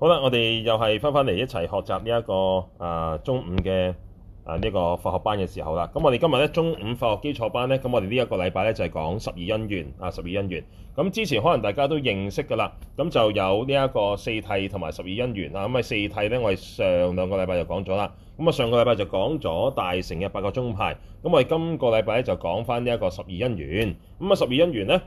好啦，我哋又係翻翻嚟一齊學習呢一個啊中午嘅啊呢個佛學班嘅時候啦。咁我哋今日咧中午佛學基礎班咧，咁我哋呢一個禮拜咧就係講十二因緣啊，十二因緣。咁之前可能大家都認識噶啦，咁就有呢一個四諦同埋十二因緣啊。咁啊四諦咧，我哋上兩個禮拜就講咗啦。咁啊上個禮拜就講咗大乘嘅八個宗派。咁我哋今個禮拜咧就講翻呢一個十二因緣。咁啊十二因緣咧。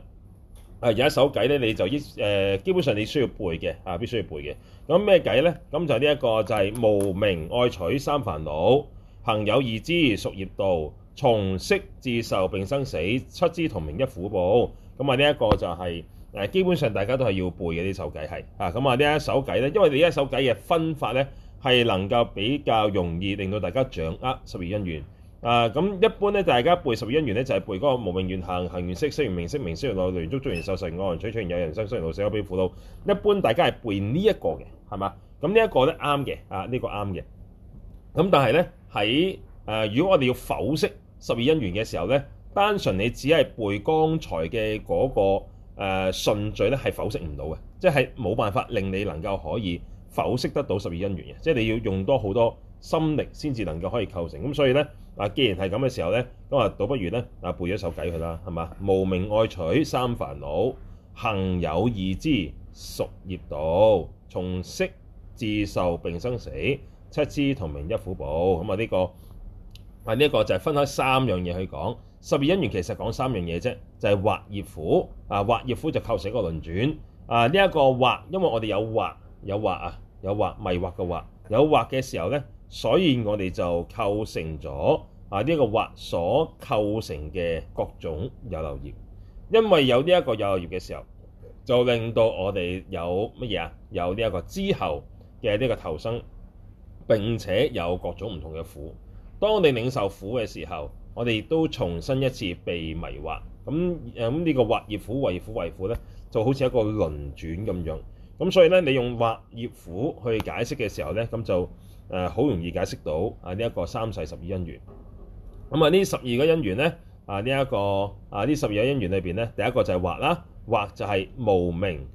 誒、啊、有一首偈咧，你就依、呃、基本上你需要背嘅，啊必須要背嘅。咁咩偈咧？咁就呢一個就係、是、無明愛取三煩惱，行有二支屬業道，從識至受並生死，七支同名一苦報。咁啊呢一個就係、是啊、基本上大家都係要背嘅呢首偈係。啊咁啊呢一首偈咧，因為你呢一首偈嘅分法咧，係能夠比較容易令到大家掌握十二因緣。啊，咁、呃、一般咧，大家背十二因緣咧，就係、是、背嗰個無明緣行行緣識識緣名色名色緣六入六入緣觸觸緣受受緣愛愛取取緣有有緣生生緣老死憂悲苦惱。一般大家係背呢一、嗯這個嘅，係嘛？咁呢一個咧啱嘅，啊、這個、呢個啱嘅。咁但係咧喺誒，如果我哋要剖析十二因緣嘅時候咧，單純你只係背剛才嘅嗰、那個誒順、呃、序咧係剖析唔到嘅，即係冇辦法令你能夠可以剖析得到十二因緣嘅，即、就、係、是、你要用多好多心力先至能夠可以構成咁，所以咧。嗱，既然係咁嘅時候咧，咁啊，倒不如咧，啊背咗首偈佢啦，係嘛？無明愛取三煩惱，行有二支屬業道，從識至受並生死，七支同名一苦報。咁、這、啊、個，呢個啊呢一個就係分開三樣嘢去講。十二因緣其實講三樣嘢啫，就係、是、惑業苦。啊，惑業苦就構成一個輪轉。啊，呢一個惑，因為我哋有惑，有惑啊，有惑迷惑嘅惑，有惑嘅時候咧。所以我哋就構成咗啊呢個惑所構成嘅各種有漏業，因為有呢一個有漏業嘅時候，就令到我哋有乜嘢啊？有呢一個之後嘅呢個投生，並且有各種唔同嘅苦。當我哋領受苦嘅時候，我哋都重新一次被迷惑。咁咁呢個惑業苦為苦為苦咧，就好似一個輪轉咁樣。咁所以咧，你用惑業苦去解釋嘅時候咧，咁就。誒好、啊、容易解釋到啊！呢、啊、一、這個三世十二因緣，咁啊呢、啊、十二個因緣咧啊呢一個啊呢十二個因緣裏邊咧，第一個就係惑啦，惑、啊、就係無明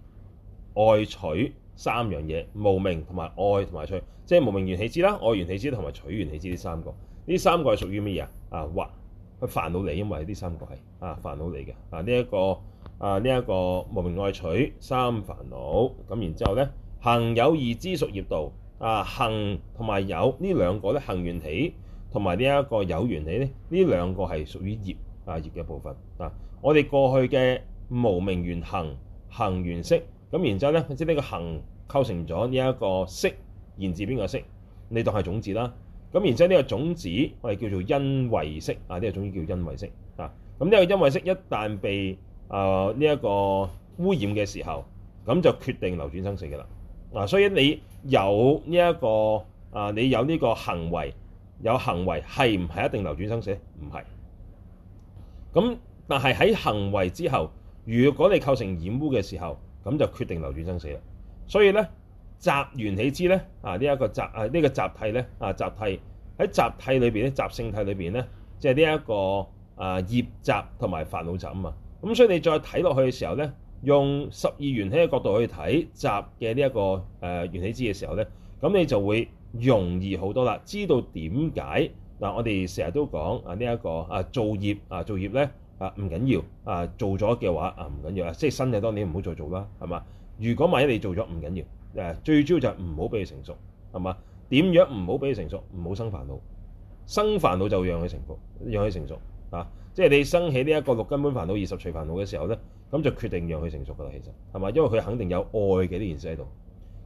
愛取三樣嘢，無明同埋愛同埋取，即係無明緣起支啦，愛緣起支同埋取緣起支呢三個，呢三個係屬於乜嘢啊？啊惑，佢煩惱嚟，因為呢三個係啊煩惱嚟嘅啊呢一、這個啊呢一、這個無明愛取三煩惱啊，咁然之後咧行有二支屬業道。啊，行同埋有呢兩個咧，行緣起同埋呢一個有緣起咧，呢兩個係屬於業啊，業嘅部分啊。我哋過去嘅無明緣行，行緣識，咁然之後咧，即係呢個行構成咗呢一個識，言字邊個識？你當係種子啦。咁然之後呢個種子我哋叫做因位識。啊，呢個種子叫因位識。啊。咁呢個因位識一旦被啊呢一個污染嘅時候，咁就決定流轉生死嘅啦。嗱、啊，所以你有呢、呢、一個啊，你有呢個行為，有行為係唔係一定流轉生死？唔係。咁但係喺行為之後，如果你構成染污嘅時候，咁就決定流轉生死啦。所以咧，集緣起支咧啊，呢、呢、一個集啊呢、呢個集體咧啊，集體喺集體裏邊咧，集性體裏邊咧，即係呢一個啊業集同埋煩惱集啊嘛。咁所以你再睇落去嘅時候咧。用十二緣起嘅角度去睇集嘅呢一個緣起支嘅時候咧，咁你就會容易好多啦。知道點解嗱？我哋成日都講啊、這個，呢一個啊造業啊造業咧啊唔緊要啊，做咗嘅話啊唔緊要啊，即係新嘅當年唔好再做啦，係嘛？如果萬一你做咗唔緊要，最主要就唔好俾佢成熟，係嘛？點樣唔好俾佢成熟？唔好生煩惱，生煩惱就讓佢成熟，讓佢成熟啊。即係你生起呢一個六根本煩惱、二十隨煩惱嘅時候咧。咁就決定讓佢成熟噶啦，其實係咪？因為佢肯定有愛嘅呢件事喺度。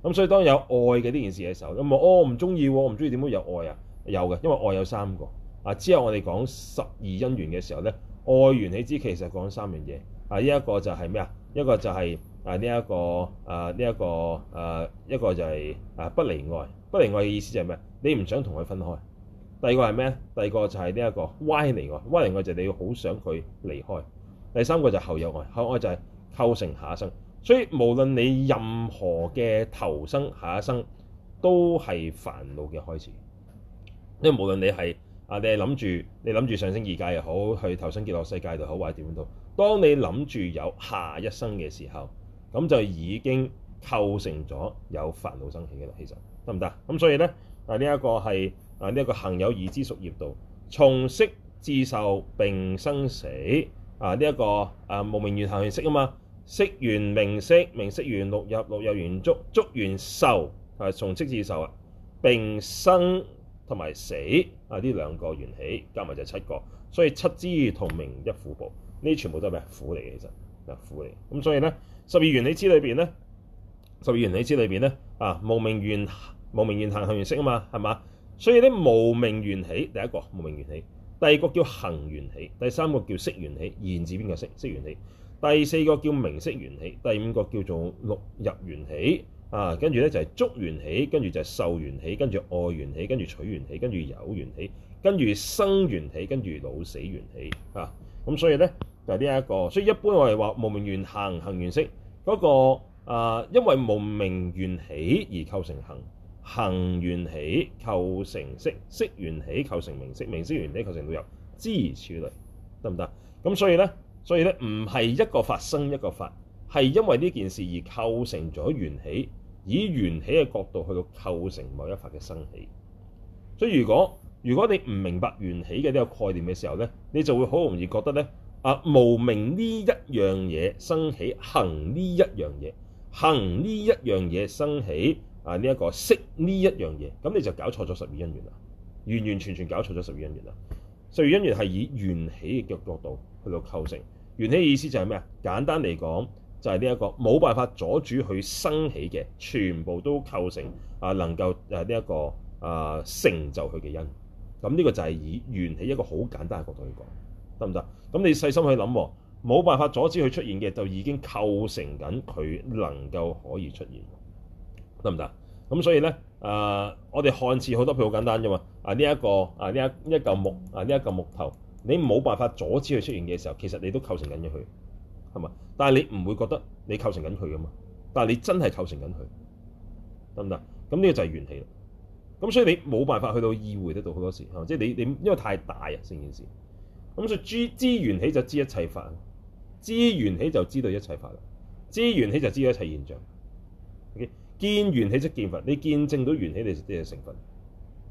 咁所以當有愛嘅呢件事嘅時候，咁我哦，唔中意喎，唔中意點會有愛啊？有嘅，因為愛有三個啊。之後我哋講十二因緣嘅時候咧，愛緣你知其實講三樣嘢啊。呢一個就係咩啊？一個就係啊呢一個啊呢一個一個就係啊不離愛。不離愛嘅意思就係咩？你唔想同佢分開。第二個係咩？第二個就係呢一個歪離愛。歪離愛就係你要好想佢離開。第三個就係後有愛，後愛就係構成下一生。所以無論你任何嘅投生下一生，都係煩惱嘅開始。因為無論你係啊，你係諗住你諗住上升二界又好，去投生極樂世界都好，或者點樣都好。當你諗住有下一生嘅時候，咁就已經構成咗有煩惱生起嘅啦。其實得唔得？咁所以咧啊，呢、這、一個係啊呢一、這個行有二支屬業道，從識至受並生死。啊！呢、這、一個啊，無明緣行緣識啊嘛，識緣名色，名色緣六入，六入緣觸，觸緣受，係從識至受啊，並生同埋死啊，呢兩個緣起，加埋就係七個，所以七支同名一苦報，呢啲全部都係咩苦嚟嘅？其實，嗱苦嚟。咁所以咧，十二緣起支裏邊咧，十二緣起支裏邊咧，啊，無明緣無明緣行行緣識啊嘛，係嘛？所以呢無明緣起，第一個無明緣起。第二個叫行緣起，第三個叫識緣起，言字邊個識？識緣起。第四個叫名色緣起，第五個叫做六入緣起。啊，跟住咧就係觸緣起，跟住就係受緣起，跟住愛緣起，跟住取緣起，跟住有緣起，跟住生緣起，跟住老死緣起。啊，咁所以咧就係呢一個，所以一般我哋話無明緣行，行緣識嗰個啊，因為無明緣起而構成行。行緣起構成識，識緣起構成名色，名色緣起構成六入，諸如此類，得唔得？咁所以呢，所以呢，唔係一個法生一個法，係因為呢件事而構成咗緣起，以緣起嘅角度去到構成某一法嘅生起。所以如果如果你唔明白緣起嘅呢個概念嘅時候呢，你就會好容易覺得呢，啊，無明呢一樣嘢生起，行呢一樣嘢，行呢一樣嘢生起。啊！呢、這、一個識呢一樣嘢，咁你就搞錯咗十二因緣啦，完完全全搞錯咗十二因緣啦。十二因緣係以緣起嘅角度去到構成，緣起嘅意思就係咩啊？簡單嚟講，就係呢一個冇辦法阻止佢生起嘅，全部都構成啊，能夠誒呢一個啊成就佢嘅因。咁呢個就係以緣起一個好簡單嘅角度去講，得唔得？咁你細心去諗，冇、哦、辦法阻止佢出現嘅，就已經構成緊佢能夠可以出現。得唔得？咁所以咧，誒、呃，我哋看似好多配好簡單啫嘛。啊，呢一個啊，呢一一嚿木啊，呢一嚿木頭，你冇辦法阻止佢出現嘅時候，其實你都構成緊咗佢，係嘛？但係你唔會覺得你構成緊佢噶嘛？但係你真係構成緊佢，得唔得？咁呢個就係元氣緣起啦。咁所以你冇辦法去到意會得到好多時候，即係你你因為太大啊成件事。咁所以知知緣起就知一切法，知緣起就知道一切法啦，知緣起就知道一,一切現象。見緣起即見佛，你見證到緣起，你啲嘢成分。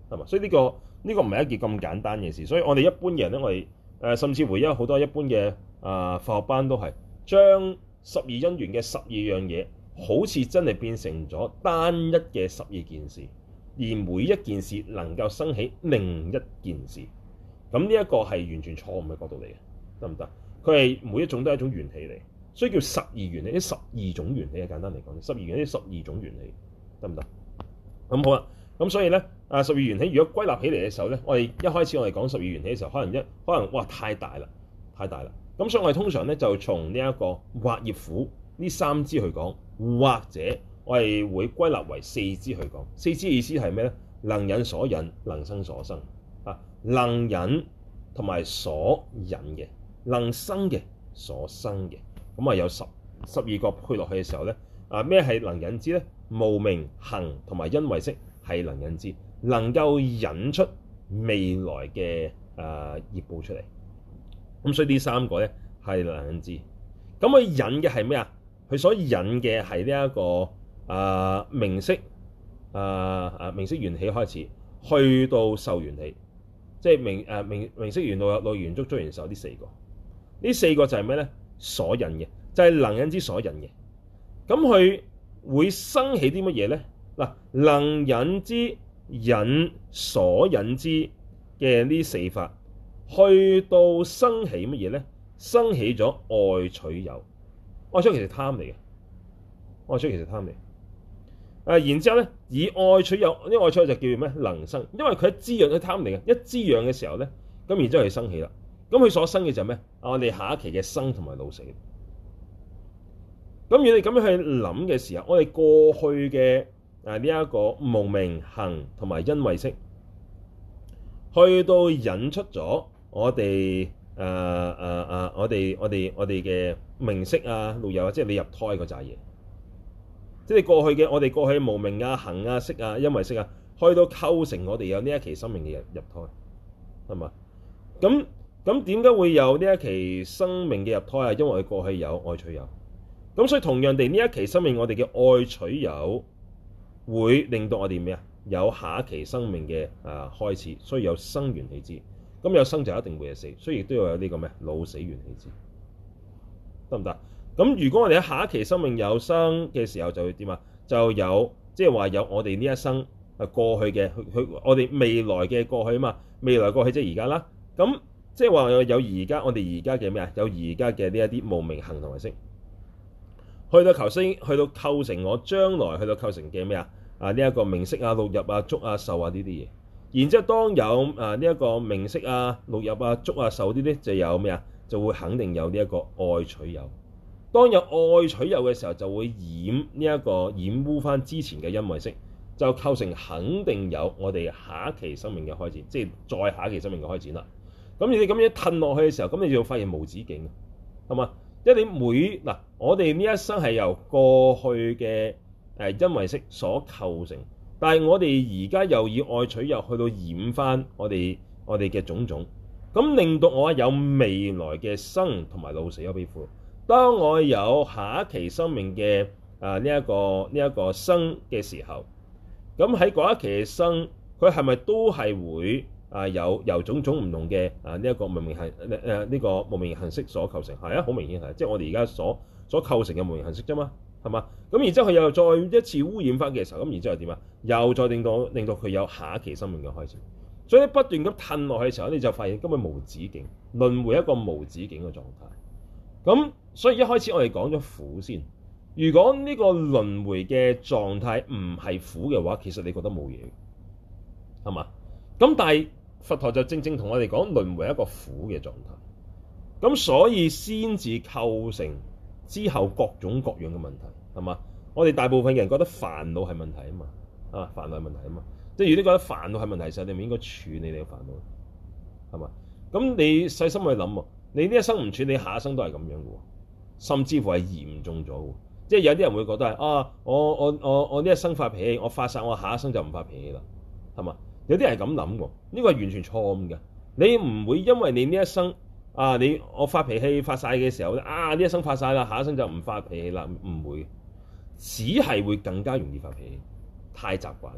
係嘛？所以呢、呢個呢、呢個唔係一件咁簡單嘅事，所以我哋一般人咧，我哋誒、呃、甚至會有好多一般嘅啊佛學班都係將十二因緣嘅十二樣嘢，好似真係變成咗單一嘅十二件事，而每一件事能夠生起另一件事，咁呢一個係完全錯誤嘅角度嚟嘅，得唔得？佢係每一種都係一種緣起嚟。所以叫十二緣起，呢十二種緣起啊！簡單嚟講，十二緣啲十二種緣起得唔得？咁、嗯、好啦、啊，咁所以咧啊，十二緣起如果歸納起嚟嘅時候咧，我哋一開始我哋講十二緣起嘅時候，可能一可能哇太大啦，太大啦。咁所以我哋通常咧就從呢一個惑業苦呢三支去講，或者我哋會歸納為四支去講。四支意思係咩咧？能引所引，能生所生啊，能引同埋所引嘅，能生嘅所生嘅。咁啊，有十十二個配落去嘅時候咧，啊咩係能引支咧？無明行同埋因為識係能引支，能夠引出未來嘅誒業報出嚟。咁所以呢三個咧係能引支。咁佢引嘅係咩啊？佢所引嘅係呢一個誒名色誒誒名色緣起開始，去到受緣起，即係明誒、啊、名色緣六入、六入緣觸、觸緣受呢四個。呢四個就係咩咧？所引嘅就係能引之所引嘅，咁佢會生起啲乜嘢咧？嗱，能引之引所引之嘅呢四法，去到生起乜嘢咧？生起咗愛取有，愛取其實貪嚟嘅，愛取其實貪嚟。誒，然之後咧，以愛取有，呢愛取就叫做咩？能生，因為佢一滋養佢貪嚟嘅，一滋養嘅時候咧，咁然之後佢生起啦。咁佢所生嘅就咩啊？我哋下一期嘅生同埋老死。咁如果你咁樣去諗嘅時候，我哋過去嘅啊呢一個無明行同埋因位識，去到引出咗我哋誒誒誒，我哋我哋我哋嘅名色啊、六入啊，即係你入胎嗰扎嘢，即係過去嘅我哋過去的無明啊、行啊、識啊、因位識啊，去到構成我哋有呢一期生命嘅入入胎，係咪咁？咁點解會有呢一期生命嘅入胎啊？因為佢過去有愛取有，咁所以同樣地呢一期生命，我哋嘅愛取有會令到我哋咩啊？有下一期生命嘅啊開始，所以有生緣起支。咁有生就一定會有死，所以亦都要有呢個咩老死緣起支，得唔得？咁如果我哋喺下一期生命有生嘅時候，就會點啊？就有即係話有我哋呢一生啊過去嘅我哋未來嘅過去啊嘛，未來過去即係而家啦，咁。即係話有而家我哋而家嘅咩啊？有而家嘅呢一啲無明行同名色，去到頭先，去到構成我將來去到構成嘅咩啊？啊呢一個名色啊、六入啊、觸啊、受啊呢啲嘢，然之後當有啊呢一個名色啊、六入啊、觸啊、受呢啲，就有咩啊？就會肯定有呢一個愛取有。當有愛取有嘅時候，就會染呢一個染污翻之前嘅因名色，就構成肯定有我哋下一期生命嘅開展，即係再下一期生命嘅開展啦。咁你咁樣褪落去嘅時候，咁你就會發現無止境，係嘛？即為你每嗱，我哋呢一生係由過去嘅誒、呃、因為式所構成，但係我哋而家又以愛取又去到染翻我哋我哋嘅種種，咁令到我有未來嘅生同埋老死憂悲苦。當我有下一期生命嘅啊呢一個呢一、呢個生嘅時候，咁喺嗰一期嘅生，佢係咪都係會？啊，有由種種唔同嘅啊呢一、這個無明行誒呢、啊啊這個無明行識所構成，係啊，好明顯係，即係我哋而家所所構成嘅無明行識啫嘛，係嘛？咁然之後佢又再一次污染翻嘅時候，咁然之後點啊？又再令到令到佢有下一期生命嘅開始，所以不斷咁褪落去嘅時候，你就發現根本無止境，輪迴一個無止境嘅狀態。咁所以一開始我哋講咗苦先。如果呢個輪迴嘅狀態唔係苦嘅話，其實你覺得冇嘢，係嘛？咁但係。佛陀就正正同我哋講，淪為一個苦嘅狀態，咁所以先至構成之後各種各樣嘅問題，係嘛？我哋大部分人覺得煩惱係問題啊嘛，啊煩惱係問題啊嘛，即係如果你覺得煩惱係問題嘅時候，你咪應該處理你嘅煩惱，係嘛？咁你細心去諗啊，你呢一生唔處理，下一生都係咁樣嘅，甚至乎係嚴重咗嘅，即係有啲人會覺得係啊，我我我我呢一生發脾氣，我發晒，我下一生就唔發脾氣啦，係嘛？有啲人係咁諗喎，呢個係完全錯誤嘅。你唔會因為你呢一生啊，你我發脾氣發晒嘅時候，啊呢一生發晒啦，下一生就唔發脾氣啦，唔會，只係會更加容易發脾氣。太習慣，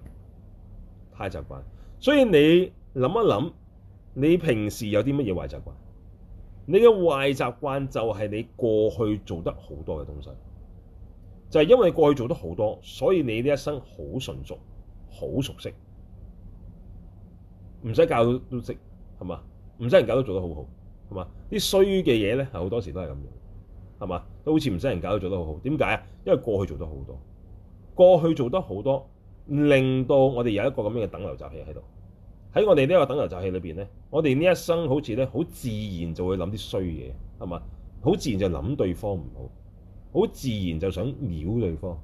太習慣。所以你諗一諗，你平時有啲乜嘢壞習慣？你嘅壞習慣就係你過去做得好多嘅東西，就係因為你過去做得好多，所以你呢一生好純熟，好熟悉。唔使教都識係嘛？唔使人教都做得好好係嘛？啲衰嘅嘢咧，好多時都係咁樣係嘛？都好似唔使人教都做得好好。點解啊？因為過去做得好多，過去做得好多，令到我哋有一個咁樣嘅等流習氣喺度。喺我哋呢個等流習氣裏面咧，我哋呢一生好似咧好自然就會諗啲衰嘢係嘛？好自然就諗對方唔好，好自然就想藐對,對方，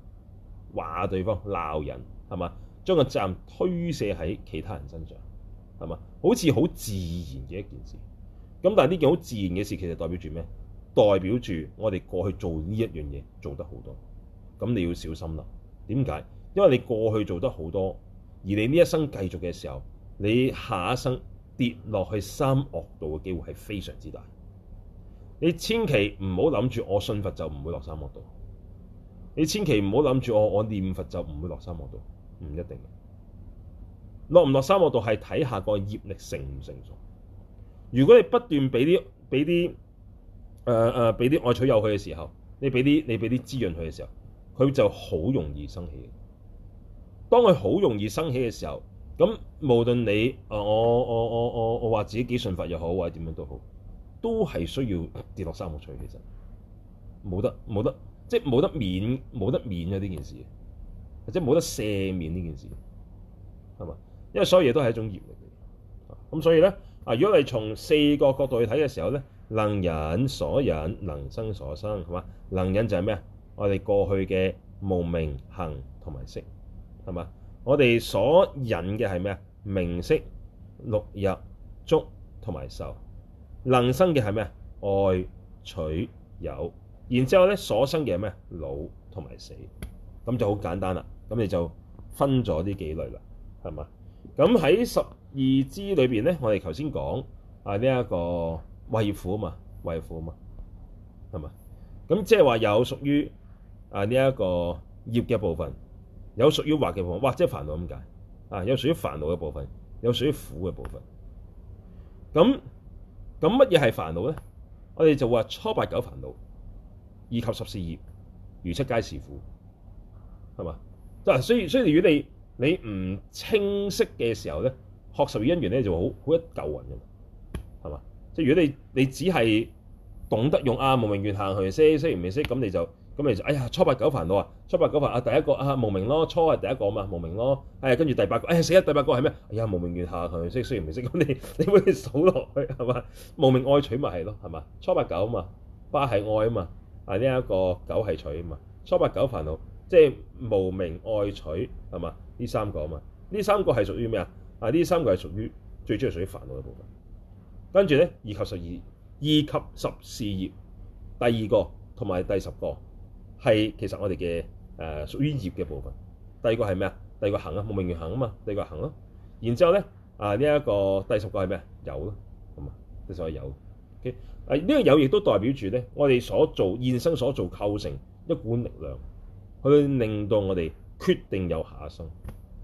話對方鬧人係嘛？將個責任推卸喺其他人身上。係嘛？好似好自然嘅一件事，咁但係呢件好自然嘅事，其實代表住咩？代表住我哋過去做呢一樣嘢做得好多，咁你要小心啦。點解？因為你過去做得好多，而你呢一生繼續嘅時候，你下一生跌落去三惡道嘅機會係非常之大。你千祈唔好諗住我信佛就唔會落三惡道，你千祈唔好諗住我我念佛就唔會落三惡道，唔一定。落唔落沙漠度係睇下，下，下個業力成唔成熟。如果你不斷俾啲俾啲誒誒俾啲愛取有去嘅時候，你俾啲你俾啲滋潤佢嘅時候，佢就好容易生起。當佢好容易生起嘅時候，咁無論你誒我我我我我話自己幾信佛又好，或者點樣都好，都係需要跌落沙漠去取其實。冇得冇得，即係冇得免冇得免啊呢件事，或者冇得赦免呢件事，係咪？因為所有嘢都係一種業力，咁所以咧啊，如果你從四個角度去睇嘅時候咧，能引所引，能生所生，係嘛？能引就係咩啊？我哋過去嘅無明行同埋識，係嘛？我哋所引嘅係咩啊？名色六入觸同埋受，能生嘅係咩啊？愛取有，然之後咧所生嘅係咩？老同埋死，咁就好簡單啦。咁你就分咗啲幾類啦，係嘛？咁喺十二支裏邊咧，我哋頭先講啊呢一個惑業苦啊嘛，惑業苦啊嘛，係咪？咁即係話有屬於啊呢一個業嘅部分，有屬於惑嘅部分，或者係煩惱咁解啊，有屬於煩惱嘅部分，有屬於苦嘅部分。咁咁乜嘢係煩惱咧？我哋就話初八九煩惱，二及十是業，餘七皆是苦，係嘛？即係雖雖然如果你你唔清晰嘅時候咧，學十二因緣咧就好好一嚿雲嘅，係嘛？即係如果你你只係懂得用啊無明緣行去，雖然唔認識咁你就咁你就哎呀，初八九煩惱啊，初八九煩啊，第一個啊無明咯，初係第一個啊嘛，無明咯，哎呀，跟住第八個哎呀，死啦第八個係咩？哎呀，無明緣行去，雖然唔認識咁，你你會數落去係嘛？無明愛取咪係咯，係嘛？初八九啊嘛，八係愛啊嘛，啊呢一個九係取啊嘛，初八九煩惱，即係無明愛取係嘛？呢三個啊嘛，呢三個係屬於咩啊？啊，呢三個係屬於最主要係屬於煩惱嘅部分。跟住咧，二及十二、二及十是業，第二個同埋第十個係其實我哋嘅誒屬於業嘅部分。第二個係咩啊？第二個行啊，無明緣行啊嘛。第二個行咯。然之後咧，啊呢一、這個第十個係咩啊？有咯，咁、嗯、啊，第十個有。OK，啊呢、這個有亦都代表住咧，我哋所做現生所做構成一股力量，去令到我哋。決定有下生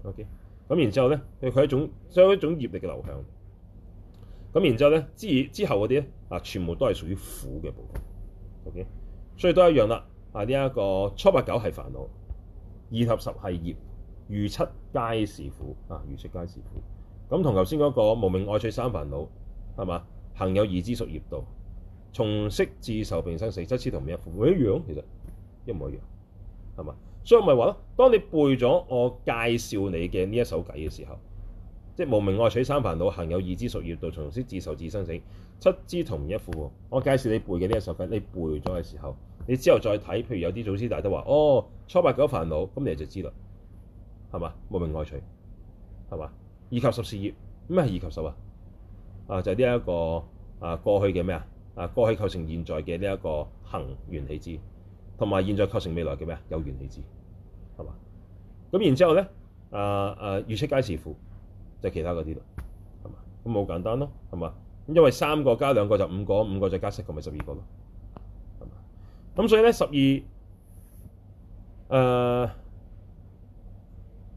，OK，咁然之後咧，佢係一種，所以有一種業力嘅流向。咁然後呢之、之後咧，之之後嗰啲咧，啊，全部都係屬於苦嘅部分，OK，所以都一樣啦。啊，呢一個初八九係煩惱，二及十係業，餘七皆是苦，啊，餘七皆是苦。咁同頭先嗰個無明愛取三煩惱，係嘛？行有二支屬業道，從識至受並生死，七支同名一苦道，一樣，其實一模一樣，係嘛？所以咪話咯，當你背咗我介紹你嘅呢一首偈嘅時候，即係無明愛取三煩惱，行有二支屬業道，從識至受並生死，七支同一副。我介紹你背嘅呢一首偈，你背咗嘅時候，你之後再睇，譬如有啲祖師大德話，哦，初八九煩惱，咁你就知道係嘛？無明愛取係嘛？二及十是業，咩？係二及十啊，啊就係呢一個啊過去嘅咩啊啊過去構成現在嘅呢一個行緣起之。同埋現在構成未來嘅咩啊？有緣可知，係嘛？咁然之後咧，誒誒餘七皆是苦，就係其他嗰啲咯，係嘛？咁好簡單咯，係嘛？因為三個加兩個就五個，五個再加七個咪、就是、十二個咯，係嘛？咁所以咧十二，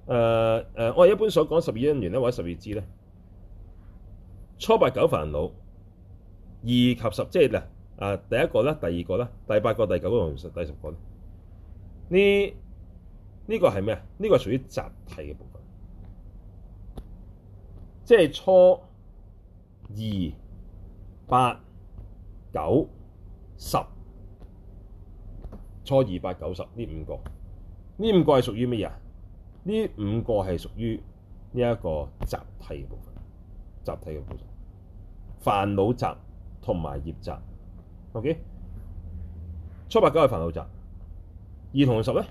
誒誒誒，我哋一般所講十二因緣咧，或者十二支咧，初八九煩惱二及十，即係嗱。啊！第一個咧，第二個咧，第八個、第九個同第十個咧，呢呢、呢個係咩啊？呢、呢個係屬於集諦嘅部分，即係初二八九十、初二八九十呢五個，呢五個係屬於乜嘢啊？呢五個係屬於呢一個集諦嘅部分，集諦嘅部分，煩惱集同埋業集。OK，初八九係煩惱集，二同十咧，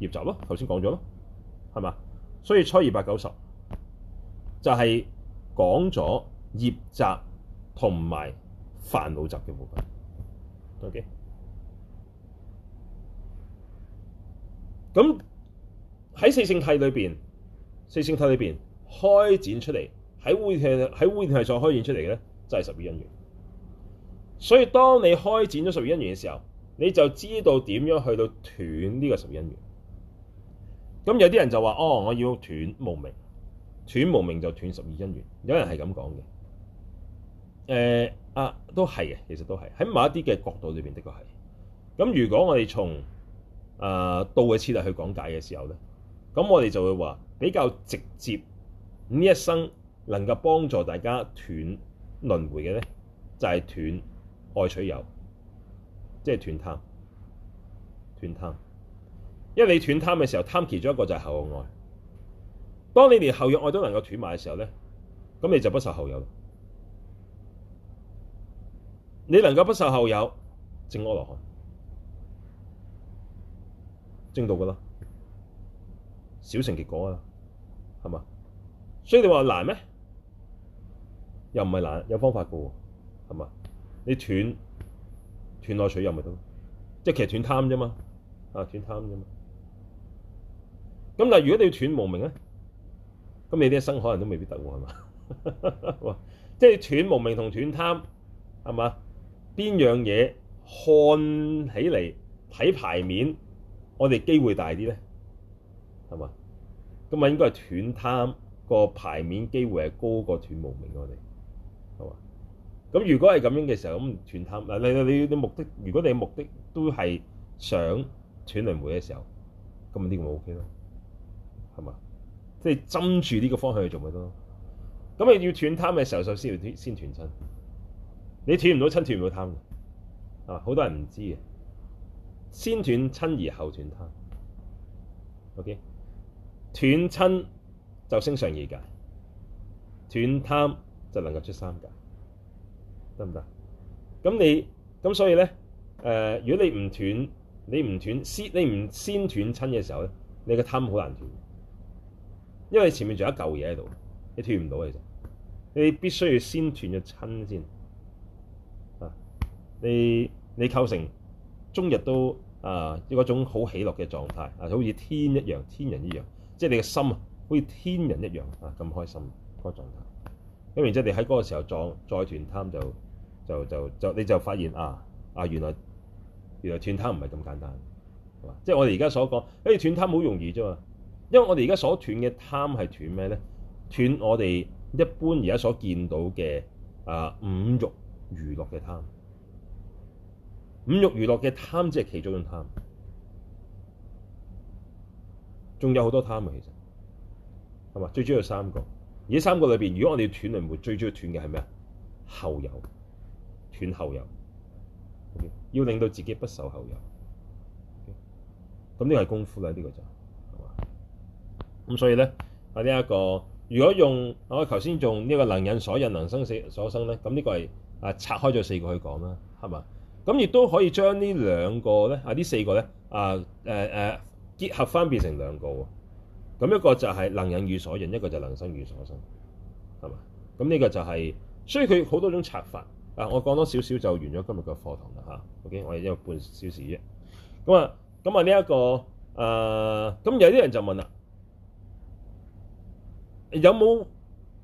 業集咯，頭先講咗咯，係嘛？所以初二八九十就係講咗業集同埋煩惱集嘅部分。OK，咁喺四聖諦裏面，四聖諦裏面開展出嚟，喺污喺污染系再開展出嚟嘅咧，就係十二因緣。所以，當你開展咗十二因緣嘅時候，你就知道點樣去到斷呢個十二因緣。咁有啲人就話：哦，我要斷無明，斷無明就斷十二因緣。有人係咁講嘅。誒、呃、啊，都係嘅，其實都係喺某一啲嘅角度裏邊的確係。咁如果我哋從誒道嘅次第去講解嘅時候咧，咁我哋就會話比較直接呢一生能夠幫助大家斷輪迴嘅咧，就係、是、斷。愛取有，即係斷貪，斷貪。因為你斷貪嘅時候，貪其中一個就係後有愛。當你連後有愛都能夠斷埋嘅時候咧，咁你就不受後有。你能夠不受後有，正阿羅漢，正到噶啦，小乘極果啊，係嘛？所以你話難咩？又唔係難，有方法噶喎，係嘛？你斷斷落水又咪得，即係其實斷貪啫嘛，啊斷貪啫嘛。咁但係如果你要斷無名咧，咁你啲一生可能都未必得喎，係嘛？ 即係斷無名同斷貪，係嘛？邊樣嘢看起嚟睇牌面，我哋機會大啲咧係嘛？咁啊應該係斷貪個牌面機會係高過斷無名我哋係嘛？咁如果係咁樣嘅時候，咁斷貪嗱，你你你目的，如果你嘅目的都係想斷輪迴嘅時候，咁咪呢個冇 OK 咯，係嘛？即係針住呢個方向去做咪得咯。咁你要斷貪嘅時候，首先要先斷親。你斷唔到親，斷唔到貪嘅，啊，好多人唔知嘅，先斷親而後斷貪。OK，斷親就升上二界，斷貪就能夠出三界。得唔得？咁你咁所以咧，誒、呃，如果你唔斷，你唔斷先，你唔先斷親嘅時候咧，你個貪好難斷，因為前面仲有一嚿嘢喺度，你斷唔到嘅其實。你必須要先斷咗親先，啊，你你構成終日都啊嗰種好喜樂嘅狀態啊，好似天一樣，天人一樣，即係你嘅心啊，好似天人一樣啊咁開心嗰個狀態。咁然之後你喺嗰個時候撞再斷，再斷貪就。就就就你就發現啊啊原來原來斷貪唔係咁簡單，係嘛？即係、就是、我哋而家所講，誒斷貪好容易啫嘛，因為我哋而家所斷嘅貪係斷咩咧？斷我哋一般而家所見到嘅啊五慾娛樂嘅貪，五慾娛樂嘅貪即係其中一種貪，仲有好多貪嘅其實，係嘛？最主要有三個，而三個裏邊，如果我哋斷嚟，最主要斷嘅係咩啊？後有。斷後有，要令到自己不受後有。咁、這、呢個係功夫啦，呢個就係嘛。咁所以咧，啊呢一個，如果用我頭先用呢個能引所引，能生死所生咧，咁、這、呢個係啊拆開咗四個去講啦，係嘛。咁亦都可以將呢兩個咧啊呢四個咧啊誒誒、啊啊、結合返變成兩個喎。咁一個就係能引與所引，一個就，能，一個就能生與所生，係嘛。咁、這、呢個就係、是，所以佢好多種拆法。嗱、啊，我講多少少就完咗今日嘅課堂啦嚇。OK，我係一個半小時啫。咁啊，咁啊呢一個誒，咁、呃、有啲人就問啦、啊，有冇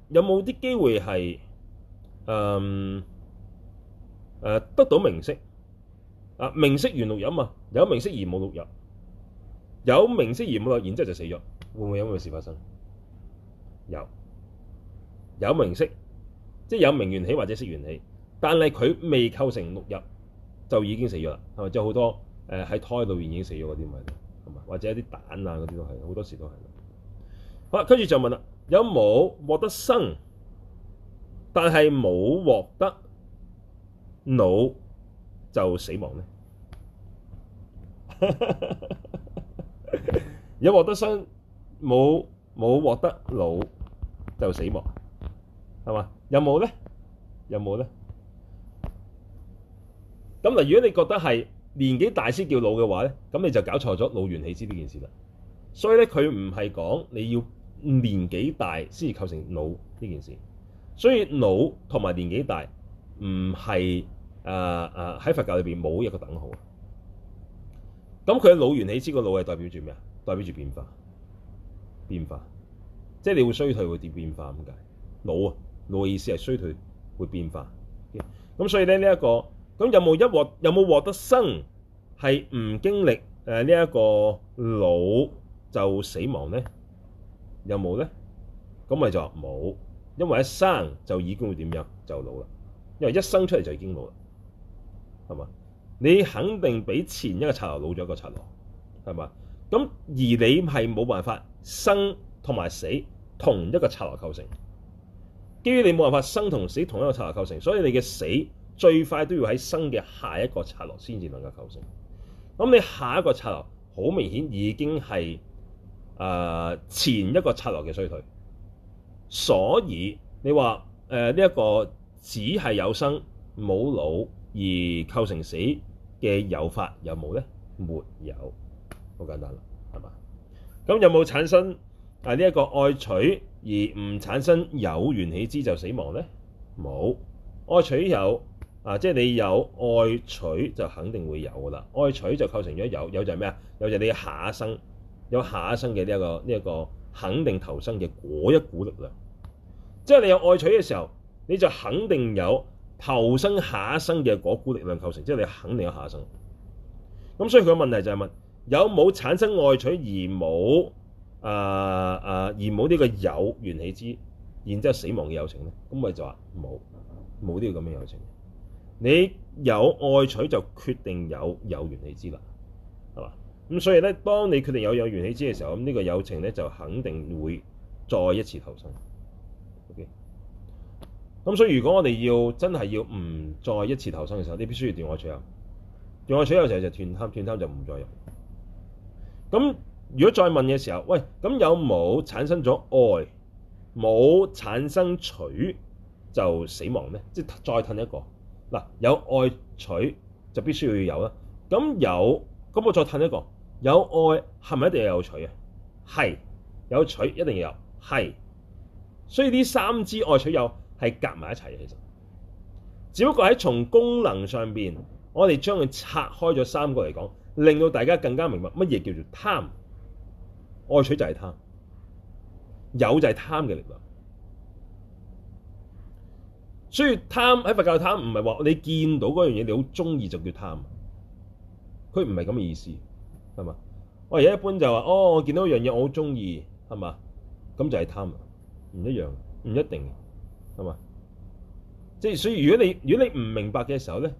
有冇啲機會係誒誒得到名色啊？名色完六入嘛，有名色而冇六入，有名色而冇六入，然之後就死咗，會唔會有呢個事發生？有，有名色，即係有名色緣起或者識緣起。但係佢未構成六入就已經死咗啦，係咪？即係好多誒喺、呃、胎度邊已經死咗嗰啲咪，係咪？或者啲蛋啊嗰啲都係，好多時都係。好啦，跟住就問啦，有冇獲得生，但係冇獲得老就死亡咧？ 有獲得生，冇冇獲得老就死亡，係嘛？有冇咧？有冇咧？咁嗱，如果你覺得係年紀大先叫老嘅話咧，咁你就搞錯咗老緣起支呢件事啦。所以咧，佢唔係講你要年紀大先至構成老呢件事，所以老同埋年紀大唔係啊啊喺佛教裏邊冇一個等號啊。咁佢嘅老緣起支個老係代表住咩啊？代表住變化，變化，即係你會衰退會點變化咁解？老啊，老嘅意思係衰退會變化。咁所以咧呢一個。咁有冇一獲，有冇獲得生係唔經歷呃呢一個老就死亡咧？有冇咧？咁咪就話冇，因為一生就已經會點樣就老啦。因為一生出嚟就已經老啦，係嘛？你肯定俾前一個策略老咗一個策略，係嘛？咁而你係冇辦法生同埋死同一個策略構成，基於你冇辦法生同死同一個策略構成，所以你嘅死，最快都要喺生嘅下一個策落先至能夠構成。咁你下一個策落好明顯已經係誒、呃、前一個策落嘅衰退，所以你話誒呢一個只係有生冇老而構成死嘅有法有冇咧？沒有，好簡單啦，係嘛？咁有冇產生誒呢一個愛取而唔產生有緣起支就死亡咧？冇愛取有。啊！即係你有愛取就肯定會有噶啦，愛取就構成咗有，有就係咩啊？有就係你下一生有下一生嘅呢一個呢一個肯定投生嘅嗰一股力量。即係你有愛取嘅時候，你就肯定有投生下一生嘅嗰股力量構成，即係你肯定有下一生。咁所以佢嘅問題就係問，有冇產生愛取而冇啊啊而冇呢個有緣起之然之後死亡嘅有情咧？咁咪就話冇，冇呢個咁嘅有情。你有愛取就決定有有緣起支啦，係嘛？咁所以咧，當你決定有有緣起支嘅時候，咁呢個有情咧就肯定會再一次投生。O.K. 咁所以，如果我哋要真係要唔再一次投生嘅時候，你必須要斷愛取啊！斷愛取有時候就斷貪，斷貪就唔再有。咁如果再問嘅時候，喂，咁有冇產生咗愛，冇產生取就死亡咧？即係再褪一個。嗱，有愛取就必須要有啦。咁有，咁我再褪一個。有愛係咪一定要有取啊？係，有取一定要有，係。所以呢三支愛取有係夾埋一齊嘅，其實。只不過喺從功能上邊，我哋將佢拆開咗三個嚟講，令到大家更加明白乜嘢叫做貪。愛取就係貪，有就係貪嘅力量。所以貪喺佛教，貪唔係話你見到嗰樣嘢你好中意就叫貪，佢唔係咁嘅意思，係嘛？我而家一般就話，哦，我見到一樣嘢我好中意，係嘛？咁就係貪，唔一樣，唔一定，係嘛？即係所以如，如果你如果你唔明白嘅時候咧，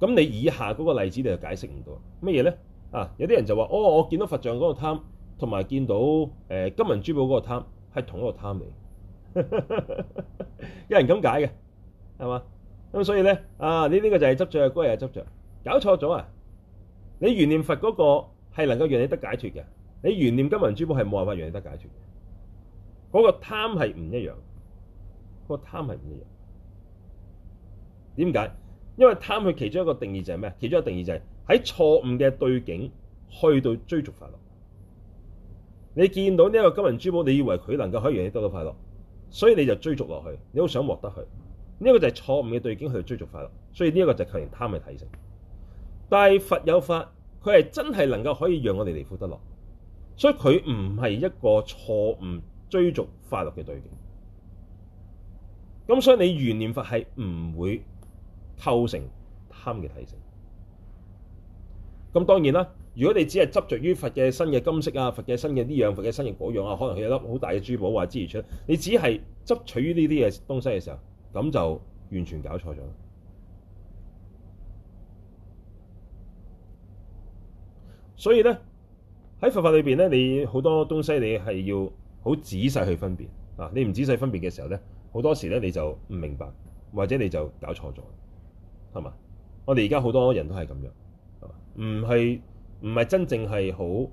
咁你以下嗰個例子你就解釋唔到乜嘢咧？啊，有啲人就話，哦，我見到佛像嗰個貪，同埋見到誒、呃、金銀珠寶嗰個貪係同一個貪嚟。 有人咁解嘅。係嘛？咁所以咧，啊，你呢個就係執着，嗰個係執着，搞錯咗啊！你懸念佛嗰個係能夠讓你得解脫嘅，你懸念金銀珠寶係冇辦法讓你得解脫嘅。嗰個貪係唔一樣，個貪係唔一樣。點解？因為貪佢其中一個定義就係咩？其中一個定義就係喺錯誤嘅對境去到追逐快樂。你見到呢一個金銀珠寶，你以為佢能夠可以讓你得到快樂，所以你就追逐落去，你好想獲得佢。呢一個就係錯誤嘅對境去追逐快樂，所以呢一個就係構成貪嘅體性。但係佛有法，佢係真係能夠可以讓我哋離苦得樂，所以佢唔係一個錯誤追逐快樂嘅對境。咁所以你緣念佛係唔會構成貪嘅體性。咁當然啦，如果你只係執着於佛嘅新嘅金色啊，佛嘅新嘅呢樣，佛嘅新嘅嗰樣啊，可能佢有一粒好大嘅珠寶話之持出，你只係執取於呢啲嘢東西嘅時候。咁就完全搞錯咗。所以咧喺佛法裏邊咧，你好多東西你係要好仔細去分辨啊！你唔仔細分辨嘅時候咧，好多時咧你就唔明白，或者你就搞錯咗，係嘛？我哋而家好多人都係咁樣，係嘛？唔係唔係真正係好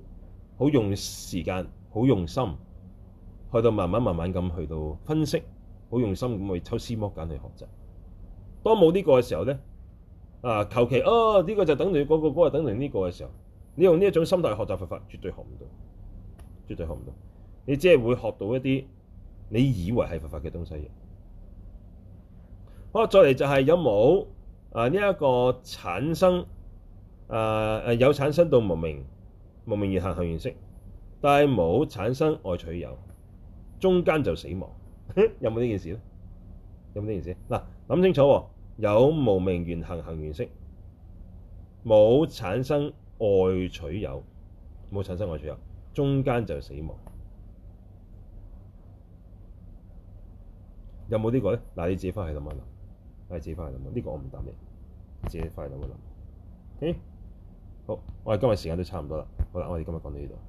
好用時間、好用心，去到慢慢慢慢咁去到分析。好用心咁去抽絲剝繭去學習。當冇呢個嘅時候咧，啊求其哦，呢個就等同嗰個，嗰個等同呢個嘅時候，你用呢一種心態學習佛法，絕對學唔到，絕對學唔到。你只係會學到一啲你以為係佛法嘅東西嘅。好，再嚟就係有冇啊呢一個產生，啊啊有產生到無明，無明而行向意識，但係冇產生愛取有，中間就死亡。 有冇呢件事咧？有冇呢件事？嗱，諗、啊、清楚、啊，有無明緣行行緣識，冇產生愛取有，冇產生愛取有，中間就是死亡。有冇呢個咧？嗱、啊，你自己翻去諗一諗，你自己翻去諗一諗。呢個我唔答你，自己翻去諗、這個、一諗。誒、okay?，好，我哋今日時間都差唔多啦。好啦，我哋今日講到呢度。